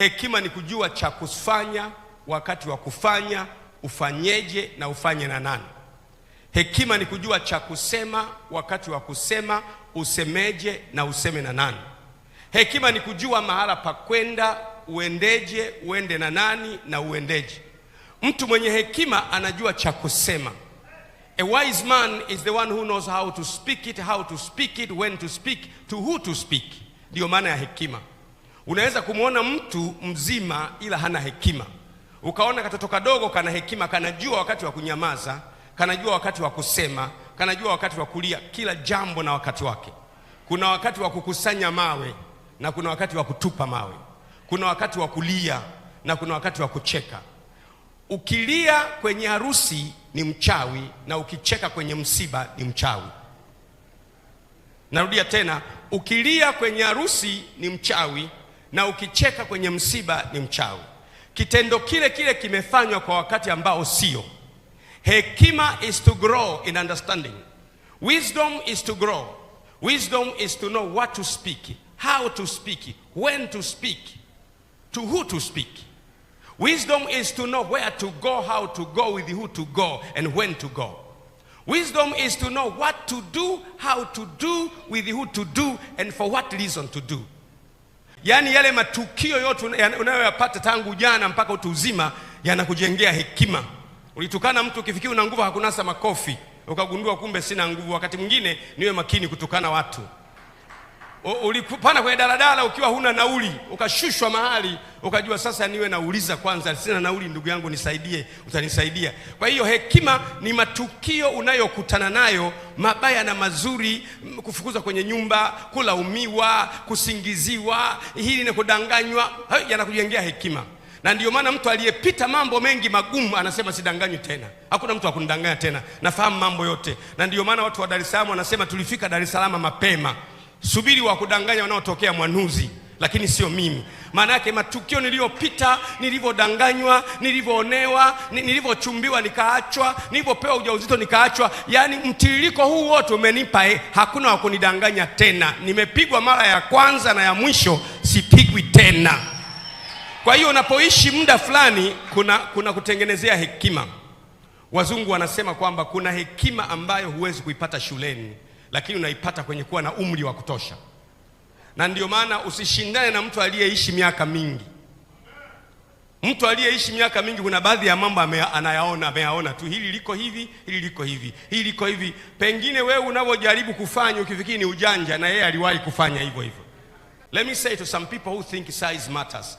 Hekima ni kujua cha kufanya, wakati wa kufanya, ufanyeje na ufanye na nani. Hekima ni kujua cha kusema, wakati wa kusema, usemeje na useme na nani. Hekima ni kujua mahala pa kwenda, uendeje, uende na nani na uendeje. Mtu mwenye hekima anajua cha kusema. A wise man is the one who knows how to speak it, how to speak it, when to speak, to who to speak. Ndiyo maana ya hekima. Unaweza kumwona mtu mzima ila hana hekima, ukaona katoto kadogo kana hekima, kanajua wakati wa kunyamaza, kanajua wakati wa kusema, kanajua wakati wa kulia, kila jambo na wakati wake. Kuna wakati wa kukusanya mawe na kuna wakati wa kutupa mawe, kuna wakati wa kulia na kuna wakati wa kucheka. Ukilia kwenye harusi ni mchawi, na ukicheka kwenye msiba ni mchawi. Narudia tena, ukilia kwenye harusi ni mchawi na ukicheka kwenye msiba ni mchawi. Kitendo kile kile kimefanywa kwa wakati ambao sio. Hekima is to grow in understanding. Wisdom is to grow. Wisdom is to know what to speak, how to speak, when to speak, to who to speak. Wisdom is to know where to go, how to go, with who to go, and when to go. Wisdom is to know what to do, how to do, with who to do, and for what reason to do. Yaani yale matukio yote unayoyapata tangu jana mpaka utu uzima yanakujengea hekima. Ulitukana mtu ukifikiri una nguvu, hakunasa makofi, ukagundua kumbe sina nguvu. Wakati mwingine niwe makini kutukana watu. Ulipanda kwenye daladala ukiwa huna nauli, ukashushwa mahali, ukajua sasa niwe nauliza kwanza, sina nauli, ndugu yangu nisaidie, utanisaidia. Kwa hiyo hekima ni matukio unayokutana nayo, mabaya na mazuri, kufukuzwa kwenye nyumba, kulaumiwa, kusingiziwa, hili na kudanganywa, hayo yanakujengea hekima. Na ndiyo maana mtu aliyepita mambo mengi magumu anasema sidanganywi tena, hakuna mtu akunidanganya tena, nafahamu mambo yote. Na ndio maana watu wa Dar es Salaam wanasema tulifika Dar es Salaam mapema. Subiri wa kudanganya wanaotokea Mwanuzi, lakini sio mimi. Maana yake matukio niliyopita, nilivyodanganywa, nilivyoonewa, nilivyochumbiwa nikaachwa, nilivyopewa ujauzito nikaachwa, yaani mtiririko huu wote umenipa eh, hakuna wa kunidanganya tena. Nimepigwa mara ya kwanza na ya mwisho, sipigwi tena. Kwa hiyo unapoishi muda fulani, kuna, kuna kutengenezea hekima. Wazungu wanasema kwamba kuna hekima ambayo huwezi kuipata shuleni lakini unaipata kwenye kuwa na umri wa kutosha. Na ndio maana usishindane na mtu aliyeishi miaka mingi. Mtu aliyeishi miaka mingi, kuna baadhi ya mambo anayaona, ameyaona tu, hili liko hivi, hili liko hivi, hili liko hivi. Pengine wewe unavyojaribu kufanya ukifikiri ni ujanja, na yeye aliwahi kufanya hivyo hivyo. Let me say to some people who think size matters.